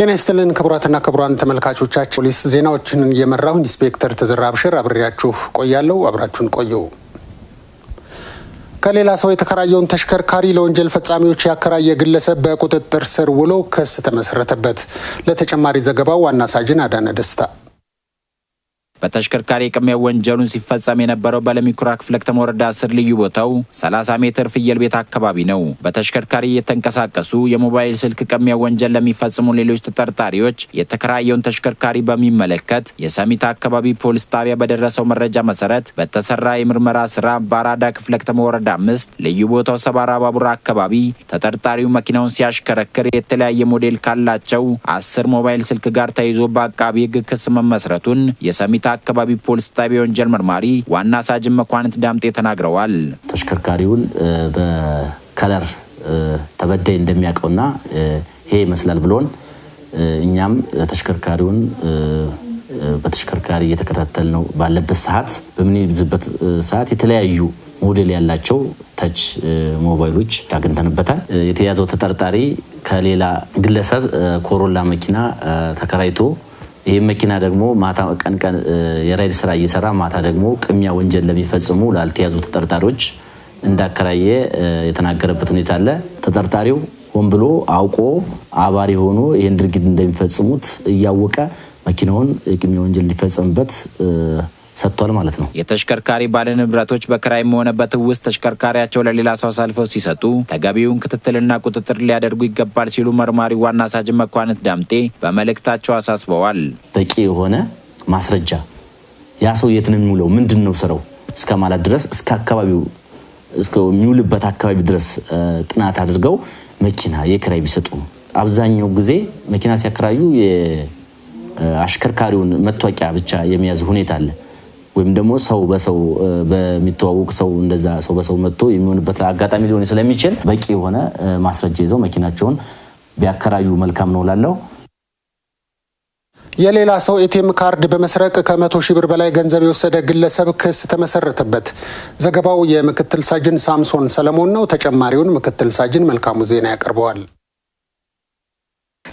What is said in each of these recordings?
ጤና ይስጥልን ክቡራትና ክቡራን ተመልካቾቻችን፣ ፖሊስ ዜናዎችን እየመራው ኢንስፔክተር ተዘራ አብሽር አብሬያችሁ ቆያለሁ። አብራችሁን ቆዩ። ከሌላ ሰው የተከራየውን ተሽከርካሪ ለወንጀል ፈጻሚዎች ያከራየ ግለሰብ በቁጥጥር ስር ውሎ ክስ ተመሰረተበት። ለተጨማሪ ዘገባው ዋና ሳጅን አዳነ ደስታ በተሽከርካሪ ቅሚያ ወንጀሉን ሲፈጸም የነበረው በለሚኩራ ክፍለ ከተማ ወረዳ ስር ልዩ ቦታው 30 ሜትር ፍየል ቤት አካባቢ ነው። በተሽከርካሪ እየተንቀሳቀሱ የሞባይል ስልክ ቅሚያ ወንጀል ለሚፈጽሙ ሌሎች ተጠርጣሪዎች የተከራየውን ተሽከርካሪ በሚመለከት የሰሚት አካባቢ ፖሊስ ጣቢያ በደረሰው መረጃ መሰረት በተሰራ የምርመራ ስራ በአራዳ ክፍለ ከተማ ወረዳ አምስት ልዩ ቦታው ሰባራ ባቡር አካባቢ ተጠርጣሪው መኪናውን ሲያሽከረክር የተለያየ ሞዴል ካላቸው አስር ሞባይል ስልክ ጋር ተይዞ በአቃቢ ሕግ ክስ መመስረቱን የሰሚት አካባቢ ፖሊስ ጣቢያ ወንጀል መርማሪ ዋና ሳጅን መኳንንት ዳምጤ ተናግረዋል። ተሽከርካሪውን በከለር ተበዳይ እንደሚያውቀውና ይሄ ይመስላል ብሎን እኛም ተሽከርካሪውን በተሽከርካሪ እየተከታተል ነው ባለበት ሰዓት በምንይዝበት ሰዓት የተለያዩ ሞዴል ያላቸው ተች ሞባይሎች አግኝተንበታል። የተያዘው ተጠርጣሪ ከሌላ ግለሰብ ኮሮላ መኪና ተከራይቶ ይህ መኪና ደግሞ ማታ ቀን ቀን የራይድ ስራ እየሰራ ማታ ደግሞ ቅሚያ ወንጀል ለሚፈጽሙ ላልተያዙ ተጠርጣሪዎች እንዳከራየ የተናገረበት ሁኔታ አለ። ተጠርጣሪው ሆን ብሎ አውቆ አባሪ ሆኖ ይህን ድርጊት እንደሚፈጽሙት እያወቀ መኪናውን የቅሚያ ወንጀል ሊፈጸምበት ሰጥቷል ማለት ነው። የተሽከርካሪ ባለንብረቶች በክራይም ሆነ ውስጥ ተሽከርካሪያቸው ለሌላ ሰው አሳልፈው ሲሰጡ ተገቢውን ክትትልና ቁጥጥር ሊያደርጉ ይገባል ሲሉ መርማሪ ዋና ሳጅን መኳንት ዳምጤ በመልእክታቸው አሳስበዋል። በቂ የሆነ ማስረጃ ያ ሰው የት ነው የሚውለው፣ ምንድን ነው ስራው እስከ ማለት ድረስ እስከ አካባቢው የሚውልበት አካባቢ ድረስ ጥናት አድርገው መኪና የክራይ ቢሰጡ አብዛኛው ጊዜ መኪና ሲያከራዩ አሽከርካሪውን መታወቂያ ብቻ የሚያዝ ሁኔታ አለ። ወይም ደግሞ ሰው በሰው በሚተዋወቅ ሰው እንደዛ ሰው በሰው መጥቶ የሚሆንበት አጋጣሚ ሊሆን ስለሚችል በቂ የሆነ ማስረጃ ይዘው መኪናቸውን ቢያከራዩ መልካም ነው ላለው የሌላ ሰው ኤቲኤም ካርድ በመስረቅ ከመቶ ሺህ ብር በላይ ገንዘብ የወሰደ ግለሰብ ክስ ተመሰረተበት። ዘገባው የምክትል ሳጅን ሳምሶን ሰለሞን ነው። ተጨማሪውን ምክትል ሳጅን መልካሙ ዜና ያቀርበዋል።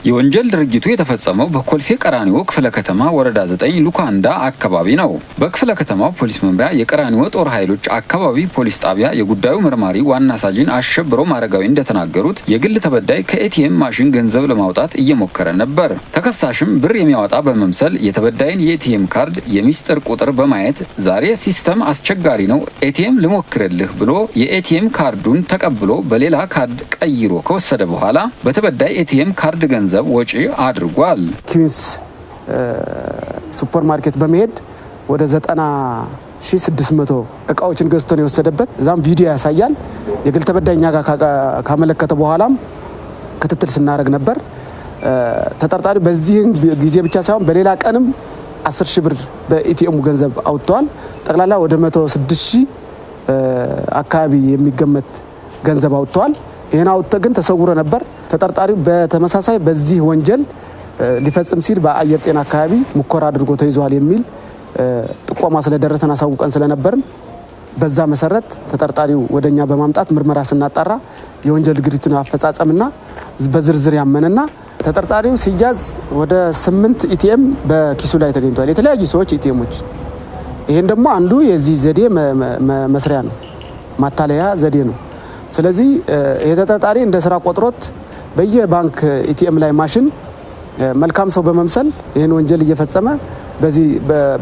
የወንጀል ድርጊቱ የተፈጸመው በኮልፌ ቀራኒዎ ክፍለ ከተማ ወረዳ 9 ሉካንዳ አካባቢ ነው። በክፍለ ከተማው ፖሊስ መምሪያ የቀራኒዎ ጦር ኃይሎች አካባቢ ፖሊስ ጣቢያ የጉዳዩ መርማሪ ዋና ሳጅን አሸብሮ ማረጋዊ እንደተናገሩት የግል ተበዳይ ከኤቲኤም ማሽን ገንዘብ ለማውጣት እየሞከረ ነበር። ተከሳሽም ብር የሚያወጣ በመምሰል የተበዳይን የኤቲኤም ካርድ የሚስጥር ቁጥር በማየት ዛሬ ሲስተም አስቸጋሪ ነው፣ ኤቲኤም ልሞክርልህ ብሎ የኤቲኤም ካርዱን ተቀብሎ በሌላ ካርድ ቀይሮ ከወሰደ በኋላ በተበዳይ ኤቲኤም ካርድ ገንዘብ ገንዘብ ወጪ አድርጓል። ኪዊንስ ሱፐርማርኬት በመሄድ ወደ 600 እቃዎችን ገዝቶ ነው የወሰደበት። እዛም ቪዲዮ ያሳያል። የግል ተበዳኛ ጋር ካመለከተ በኋላም ክትትል ስናደርግ ነበር። ተጠርጣሪ በዚህን ጊዜ ብቻ ሳይሆን በሌላ ቀንም 10 ሺ ብር በኢቲኤሙ ገንዘብ አውጥተዋል። ጠቅላላ ወደ 106 ሺህ አካባቢ የሚገመት ገንዘብ አውጥተዋል። ይህን አውጥተ ግን ተሰውረ ነበር። ተጠርጣሪው በተመሳሳይ በዚህ ወንጀል ሊፈጽም ሲል በአየር ጤና አካባቢ ሙከራ አድርጎ ተይዟል የሚል ጥቆማ ስለደረሰን አሳውቀን ስለነበርም በዛ መሰረት ተጠርጣሪው ወደ እኛ በማምጣት ምርመራ ስናጣራ የወንጀል ድርጊቱን አፈጻጸምና በዝርዝር ያመነና ተጠርጣሪው ሲያዝ ወደ ስምንት ኢቲኤም በኪሱ ላይ ተገኝቷል። የተለያዩ ሰዎች ኢቲኤሞች። ይህን ደግሞ አንዱ የዚህ ዘዴ መስሪያ ነው፣ ማታለያ ዘዴ ነው። ስለዚህ ይሄ እንደ ስራ ቆጥሮት በየባንክ ኢቲኤም ላይ ማሽን መልካም ሰው በመምሰል ይህን ወንጀል እየፈጸመ በዚህ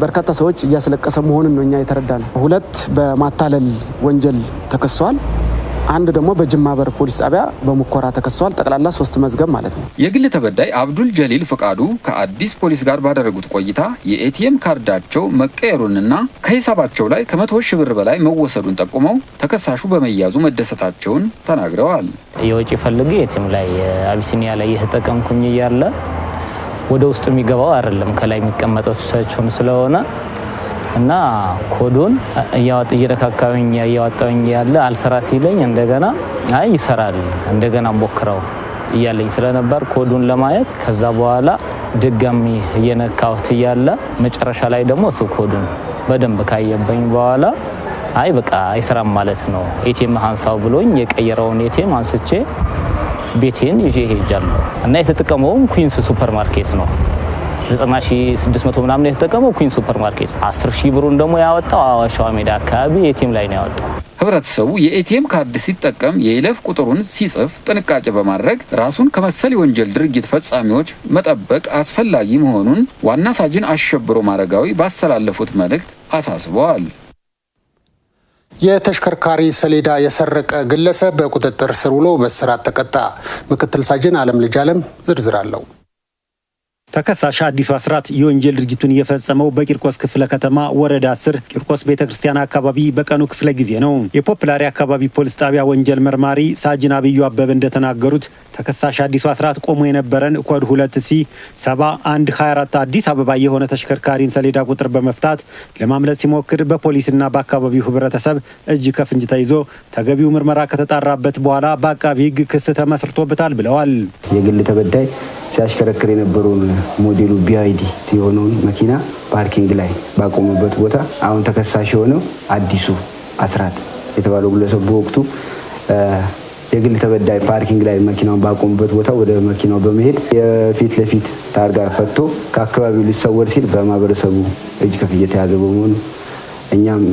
በርካታ ሰዎች እያስለቀሰ መሆኑን ነው እኛ የተረዳ ነው። ሁለት በማታለል ወንጀል ተከሷል። አንድ ደግሞ በጅማ በር ፖሊስ ጣቢያ በሙኮራ ተከሰዋል። ጠቅላላ ሶስት መዝገብ ማለት ነው። የግል ተበዳይ አብዱል ጀሊል ፈቃዱ ከአዲስ ፖሊስ ጋር ባደረጉት ቆይታ የኤቲኤም ካርዳቸው መቀየሩንና ከሂሳባቸው ላይ ከመቶ ሺህ ብር በላይ መወሰዱን ጠቁመው ተከሳሹ በመያዙ መደሰታቸውን ተናግረዋል። የውጭ ፈልግ ኤቲኤም ላይ አቢሲኒያ ላይ የተጠቀምኩኝ እያለ ወደ ውስጥ የሚገባው አይደለም ከላይ የሚቀመጠው ስለሆነ እና ኮዱን እያወጥ እየረካካኝ እያወጣኝ ያለ አልሰራ ሲለኝ እንደገና አይ ይሰራል እንደገና ሞክረው እያለኝ ስለነበር ኮዱን ለማየት ከዛ በኋላ ድጋሚ እየነካሁት እያለ መጨረሻ ላይ ደግሞ እሱ ኮዱን በደንብ ካየበኝ በኋላ አይ በቃ አይሰራም ማለት ነው፣ ኤቲኤም አንሳው ብሎኝ የቀየረውን ኤቲኤም አንስቼ ቤቴን ይዤ ሄጃለሁ እና የተጠቀመውም ኩንስ ሱፐር ማርኬት ነው። 90600 ምናምን የተጠቀመው ኩን ሱፐር ማርኬት፣ ሺ ብሩን ደግሞ ያወጣው አዋሻዋ ሜዳ አካባቢ ኤቲኤም ላይ ነው ያወጣው። ህብረተሰቡ የኤቲኤም ካርድ ሲጠቀም የይለፍ ቁጥሩን ሲጽፍ ጥንቃቄ በማድረግ ራሱን ከመሰል የወንጀል ድርጊት ፈጻሚዎች መጠበቅ አስፈላጊ መሆኑን ዋና ሳጅን አሸብሮ ማረጋዊ ባስተላለፉት መልእክት አሳስበዋል። የተሽከርካሪ ሰሌዳ የሰረቀ ግለሰብ በቁጥጥር ስር ውሎ በእስራት ተቀጣ። ምክትል ሳጅን አለም ልጅ አለም ዝርዝር አለው። ተከሳሽ አዲሱ አስራት የወንጀል ድርጊቱን የፈጸመው በቂርቆስ ክፍለ ከተማ ወረዳ አስር ቂርቆስ ቤተ ክርስቲያን አካባቢ በቀኑ ክፍለ ጊዜ ነው። የፖፕላሪ አካባቢ ፖሊስ ጣቢያ ወንጀል መርማሪ ሳጅን አብዩ አበበ እንደተናገሩት ተከሳሽ አዲሱ አስራት ቆሞ የነበረን ኮድ ሁለት ሲ ሰባ አንድ ሀያ አራት አዲስ አበባ የሆነ ተሽከርካሪን ሰሌዳ ቁጥር በመፍታት ለማምለጥ ሲሞክር በፖሊስና በአካባቢው ህብረተሰብ እጅ ከፍንጅ ተይዞ ተገቢው ምርመራ ከተጣራበት በኋላ በአቃቢ ህግ ክስ ተመስርቶበታል ብለዋል። የግል ተበዳይ ሲያሽከረክር የነበረውን ሞዴሉ ቢአይዲ የሆነውን መኪና ፓርኪንግ ላይ ባቆመበት ቦታ አሁን ተከሳሽ የሆነው አዲሱ አስራት የተባለው ግለሰብ በወቅቱ የግል ተበዳይ ፓርኪንግ ላይ መኪናውን ባቆሙበት ቦታ ወደ መኪናው በመሄድ የፊት ለፊት ታርጋ ፈቶ ከአካባቢው ሊሰወር ሲል በማህበረሰቡ እጅ ከፍ እየተያዘ በመሆኑ እኛም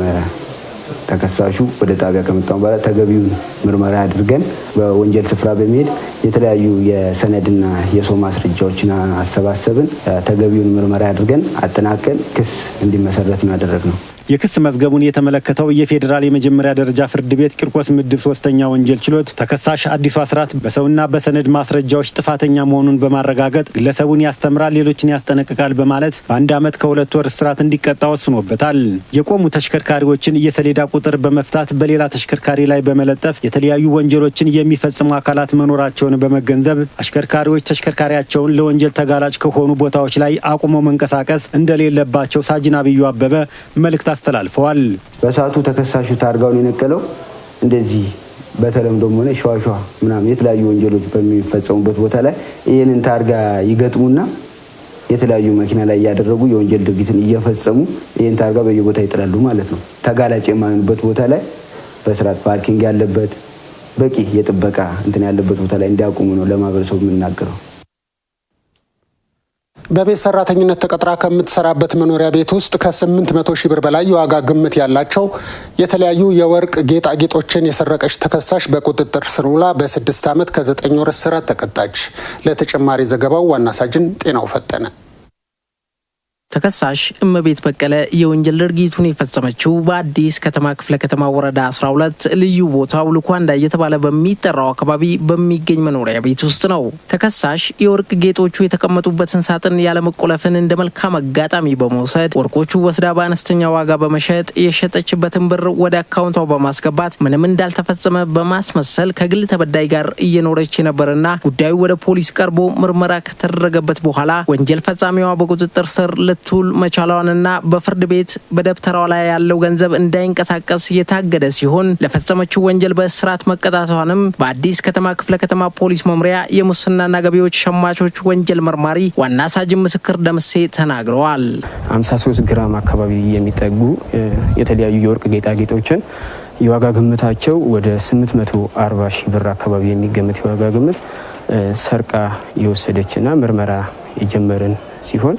ተከሳሹ ወደ ጣቢያ ከመጣ በኋላ ተገቢውን ምርመራ አድርገን በወንጀል ስፍራ በመሄድ የተለያዩ የሰነድና የሰው ማስረጃዎችን አሰባሰብን። ተገቢውን ምርመራ አድርገን አጠናቀን ክስ እንዲመሰረት ነው ያደረግነው። የክስ መዝገቡን የተመለከተው የፌዴራል የመጀመሪያ ደረጃ ፍርድ ቤት ቂርቆስ ምድብ ሶስተኛ ወንጀል ችሎት ተከሳሽ አዲሱ አስራት በሰውና በሰነድ ማስረጃዎች ጥፋተኛ መሆኑን በማረጋገጥ ግለሰቡን ያስተምራል፣ ሌሎችን ያስጠነቅቃል በማለት በአንድ ዓመት ከሁለት ወር እስራት እንዲቀጣ ወስኖበታል። የቆሙ ተሽከርካሪዎችን የሰሌዳ ቁጥር በመፍታት በሌላ ተሽከርካሪ ላይ በመለጠፍ የተለያዩ ወንጀሎችን የሚፈጽሙ አካላት መኖራቸውን በመገንዘብ አሽከርካሪዎች ተሽከርካሪያቸውን ለወንጀል ተጋላጭ ከሆኑ ቦታዎች ላይ አቁሞ መንቀሳቀስ እንደሌለባቸው ሳጅን አብዩ አበበ መልእክት አስተላልፈዋል። በሰዓቱ ተከሳሹ ታርጋውን የነቀለው እንደዚህ በተለምዶም ሆነ ሸዋሸዋ ምናምን የተለያዩ ወንጀሎች በሚፈጸሙበት ቦታ ላይ ይህንን ታርጋ ይገጥሙና የተለያዩ መኪና ላይ እያደረጉ የወንጀል ድርጊትን እየፈጸሙ ይህን ታርጋ በየቦታ ይጥላሉ ማለት ነው። ተጋላጭ የማይሆኑበት ቦታ ላይ በስርዓት ፓርኪንግ ያለበት በቂ የጥበቃ እንትን ያለበት ቦታ ላይ እንዲያቆሙ ነው ለማህበረሰቡ የምናገረው። በቤት ሰራተኝነት ተቀጥራ ከምትሰራበት መኖሪያ ቤት ውስጥ ከ800 ሺህ ብር በላይ የዋጋ ግምት ያላቸው የተለያዩ የወርቅ ጌጣጌጦችን የሰረቀች ተከሳሽ በቁጥጥር ስር ውላ በስድስት ዓመት ከዘጠኝ ወር እስራት ተቀጣች። ለተጨማሪ ዘገባው ዋና ሳጅን ጤናው ፈጠነ ተከሳሽ እመቤት በቀለ የወንጀል ድርጊቱን የፈጸመችው በአዲስ ከተማ ክፍለ ከተማ ወረዳ 12 ልዩ ቦታው ልኳንዳ እየተባለ በሚጠራው አካባቢ በሚገኝ መኖሪያ ቤት ውስጥ ነው። ተከሳሽ የወርቅ ጌጦቹ የተቀመጡበትን ሳጥን ያለመቆለፍን እንደ መልካም አጋጣሚ በመውሰድ ወርቆቹ ወስዳ በአነስተኛ ዋጋ በመሸጥ የሸጠችበትን ብር ወደ አካውንቷ በማስገባት ምንም እንዳልተፈጸመ በማስመሰል ከግል ተበዳይ ጋር እየኖረች የነበረና ጉዳዩ ወደ ፖሊስ ቀርቦ ምርመራ ከተደረገበት በኋላ ወንጀል ፈጻሚዋ በቁጥጥር ስር ልትውል መቻሏንና በፍርድ ቤት በደብተሯ ላይ ያለው ገንዘብ እንዳይንቀሳቀስ የታገደ ሲሆን ለፈጸመችው ወንጀል በእስራት መቀጣቷንም በአዲስ ከተማ ክፍለ ከተማ ፖሊስ መምሪያ የሙስናና ገቢዎች ሸማቾች ወንጀል መርማሪ ዋና ሳጅን ምስክር ደምሴ ተናግረዋል። 53 ግራም አካባቢ የሚጠጉ የተለያዩ የወርቅ ጌጣጌጦችን የዋጋ ግምታቸው ወደ 840 ሺ ብር አካባቢ የሚገመት የዋጋ ግምት ሰርቃ የወሰደችና ምርመራ የጀመርን ሲሆን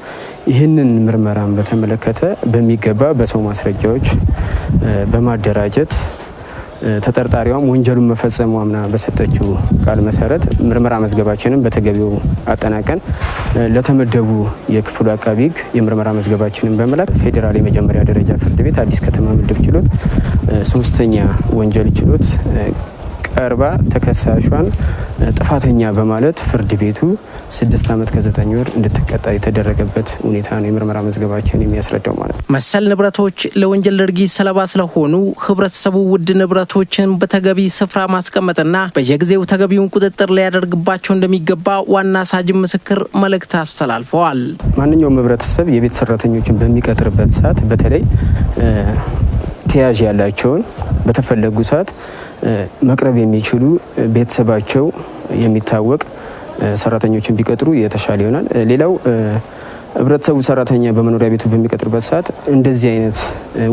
ይህንን ምርመራን በተመለከተ በሚገባ በሰው ማስረጃዎች በማደራጀት ተጠርጣሪዋም ወንጀሉን መፈጸሙ አምና በሰጠችው ቃል መሰረት ምርመራ መዝገባችንን በተገቢው አጠናቀን ለተመደቡ የክፍሉ አቃቢ ሕግ የምርመራ መዝገባችንን በመላክ ፌዴራል የመጀመሪያ ደረጃ ፍርድ ቤት አዲስ ከተማ ምድብ ችሎት ሶስተኛ ወንጀል ችሎት ቀርባ ተከሳሿን ጥፋተኛ በማለት ፍርድ ቤቱ ስድስት ዓመት ከዘጠኝ ወር እንድትቀጣ የተደረገበት ሁኔታ ነው የምርመራ መዝገባችን የሚያስረዳው ማለት ነው። መሰል ንብረቶች ለወንጀል ድርጊት ሰለባ ስለሆኑ ህብረተሰቡ ውድ ንብረቶችን በተገቢ ስፍራ ማስቀመጥና በየጊዜው ተገቢውን ቁጥጥር ሊያደርግባቸው እንደሚገባ ዋና ሳጅን ምስክር መልእክት አስተላልፈዋል። ማንኛውም ህብረተሰብ የቤት ሰራተኞችን በሚቀጥርበት ሰዓት በተለይ ተያዥ ያላቸውን በተፈለጉ ሰዓት መቅረብ የሚችሉ ቤተሰባቸው የሚታወቅ ሰራተኞችን ቢቀጥሩ የተሻለ ይሆናል። ሌላው ህብረተሰቡ ሰራተኛ በመኖሪያ ቤቱ በሚቀጥርበት ሰዓት እንደዚህ አይነት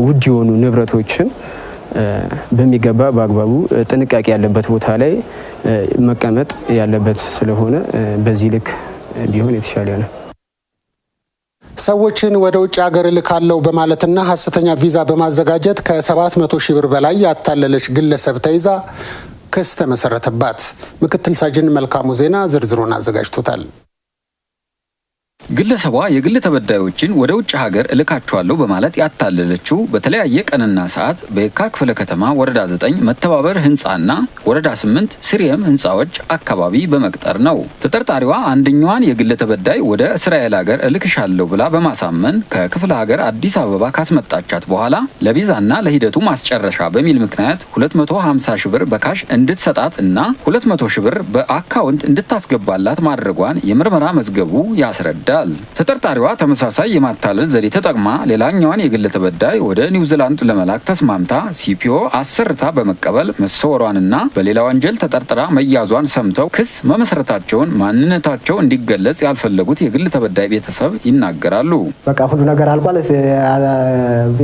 ውድ የሆኑ ንብረቶችን በሚገባ በአግባቡ ጥንቃቄ ያለበት ቦታ ላይ መቀመጥ ያለበት ስለሆነ በዚህ ልክ ቢሆን የተሻለ ይሆናል። ሰዎችን ወደ ውጭ ሀገር እልካለሁ በማለትና ሀሰተኛ ቪዛ በማዘጋጀት ከ700 ሺህ ብር በላይ ያታለለች ግለሰብ ተይዛ ክስ ተመሰረተባት። ምክትል ሳጅን መልካሙ ዜና ዝርዝሩን አዘጋጅቶታል። ግለሰቧ የግል ተበዳዮችን ወደ ውጭ ሀገር እልካቸዋለሁ በማለት ያታለለችው በተለያየ ቀንና ሰዓት በየካ ክፍለ ከተማ ወረዳ 9 መተባበር ህንፃና ወረዳ 8 ስሪየም ህንፃዎች አካባቢ በመቅጠር ነው። ተጠርጣሪዋ አንደኛዋን የግል ተበዳይ ወደ እስራኤል ሀገር እልክሻለሁ ብላ በማሳመን ከክፍለ ሀገር አዲስ አበባ ካስመጣቻት በኋላ ለቪዛና ለሂደቱ ማስጨረሻ በሚል ምክንያት 250 ሺ ብር በካሽ እንድትሰጣት እና 200 ሺ ብር በአካውንት እንድታስገባላት ማድረጓን የምርመራ መዝገቡ ያስረዳል። ይላል። ተጠርጣሪዋ ተመሳሳይ የማታለል ዘዴ ተጠቅማ ሌላኛዋን የግል ተበዳይ ወደ ኒውዚላንድ ለመላክ ተስማምታ ሲፒኦ አሰርታ በመቀበል መሰወሯንና በሌላ ወንጀል ተጠርጥራ መያዟን ሰምተው ክስ መመስረታቸውን ማንነታቸው እንዲገለጽ ያልፈለጉት የግል ተበዳይ ቤተሰብ ይናገራሉ። በቃ ሁሉ ነገር አልቋል።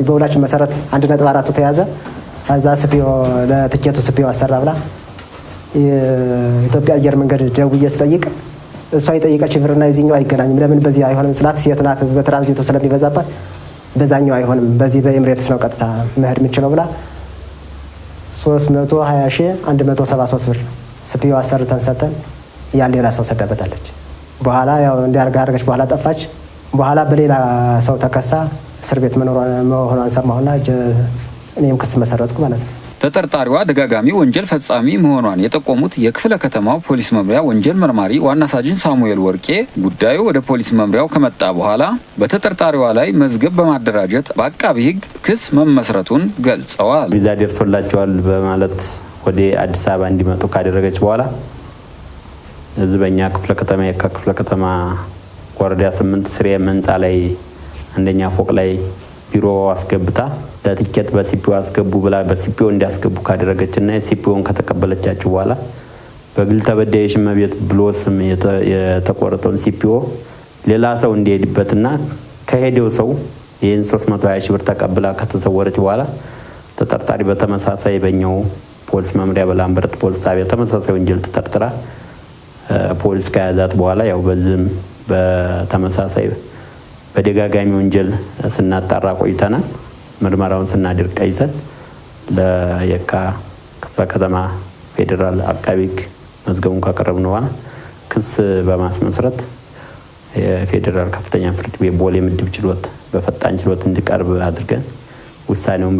በሁላችን መሰረት አንድ ነጥብ አራቱ ተያዘ። ከዛ ስፒዮ ለትኬቱ ስፒዮ አሰራ ብላ የኢትዮጵያ አየር መንገድ ደውዬ ስጠይቅ እሷ የጠየቀችው ብርና የዚህኛው አይገናኝም። ለምን በዚህ አይሆንም ስላት ሴት ናት በትራንዚቱ ስለሚበዛባት በዛኛው አይሆንም በዚህ በኤምሬትስ ነው ቀጥታ መሄድ የምችለው ብላ 320 መቶ መቶ ብር ስፒዮ አሰርተን ሰጠን። ያን ሌላ ሰው ሰዳበታለች። በኋላ ያው እንዲያርጋ አርገች በኋላ ጠፋች። በኋላ በሌላ ሰው ተከሳ እስር ቤት መኖሯ መሆኗን ሰማሁና እኔም ክስ መሰረትኩ ማለት ነው። ተጠርጣሪዋ ደጋጋሚ ወንጀል ፈጻሚ መሆኗን የጠቆሙት የክፍለ ከተማው ፖሊስ መምሪያ ወንጀል መርማሪ ዋና ሳጅን ሳሙኤል ወርቄ ጉዳዩ ወደ ፖሊስ መምሪያው ከመጣ በኋላ በተጠርጣሪዋ ላይ መዝገብ በማደራጀት በአቃቢ ሕግ ክስ መመስረቱን ገልጸዋል። ቪዛ ደርሶላቸዋል በማለት ወደ አዲስ አበባ እንዲመጡ ካደረገች በኋላ እዚህ በእኛ ክፍለ ከተማ የካ ክፍለ ከተማ ወረዳ ስምንት ስሬ መንጻ ላይ አንደኛ ፎቅ ላይ ቢሮ አስገብታ ለትኬት በሲፒኦ አስገቡ ብላ በሲፒኦ እንዲያስገቡ ካደረገች ና የሲፒኦን ከተቀበለቻቸው በኋላ በግል ተበዳይ ሽመ ብሎ ስም የተቆረጠውን ሲፒኦ ሌላ ሰው እንዲሄድበትና ከሄደው ሰው ይህን 320 ሺህ ብር ተቀብላ ከተሰወረች በኋላ ተጠርጣሪ በተመሳሳይ በኛው ፖሊስ መምሪያ በላምበረት ፖሊስ ጣቢያ ተመሳሳይ ወንጀል ተጠርጥራ ፖሊስ ከያዛት በኋላ ያው በዚህም በተመሳሳይ በደጋጋሚ ወንጀል ስናጣራ ቆይተናል። ምርመራውን ስናድር ቆይተን ለየካ ክፍለ ከተማ ፌዴራል አቃቢ ሕግ መዝገቡን ካቀረብን በኋላ ክስ በማስመስረት የፌዴራል ከፍተኛ ፍርድ ቤት ቦሌ ምድብ ችሎት በፈጣን ችሎት እንዲቀርብ አድርገን ውሳኔውን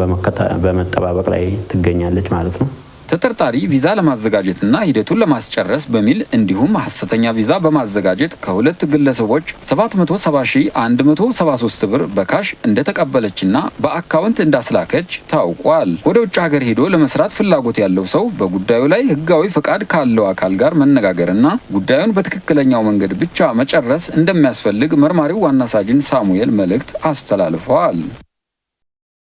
በመጠባበቅ ላይ ትገኛለች ማለት ነው። ተጠርጣሪ ቪዛ ለማዘጋጀትና ሂደቱን ለማስጨረስ በሚል እንዲሁም ሐሰተኛ ቪዛ በማዘጋጀት ከሁለት ግለሰቦች 770173 ብር በካሽ እንደተቀበለችና በአካውንት እንዳስላከች ታውቋል። ወደ ውጭ ሀገር ሄዶ ለመስራት ፍላጎት ያለው ሰው በጉዳዩ ላይ ህጋዊ ፈቃድ ካለው አካል ጋር መነጋገርና ጉዳዩን በትክክለኛው መንገድ ብቻ መጨረስ እንደሚያስፈልግ መርማሪው ዋና ሳጅን ሳሙኤል መልእክት አስተላልፈዋል።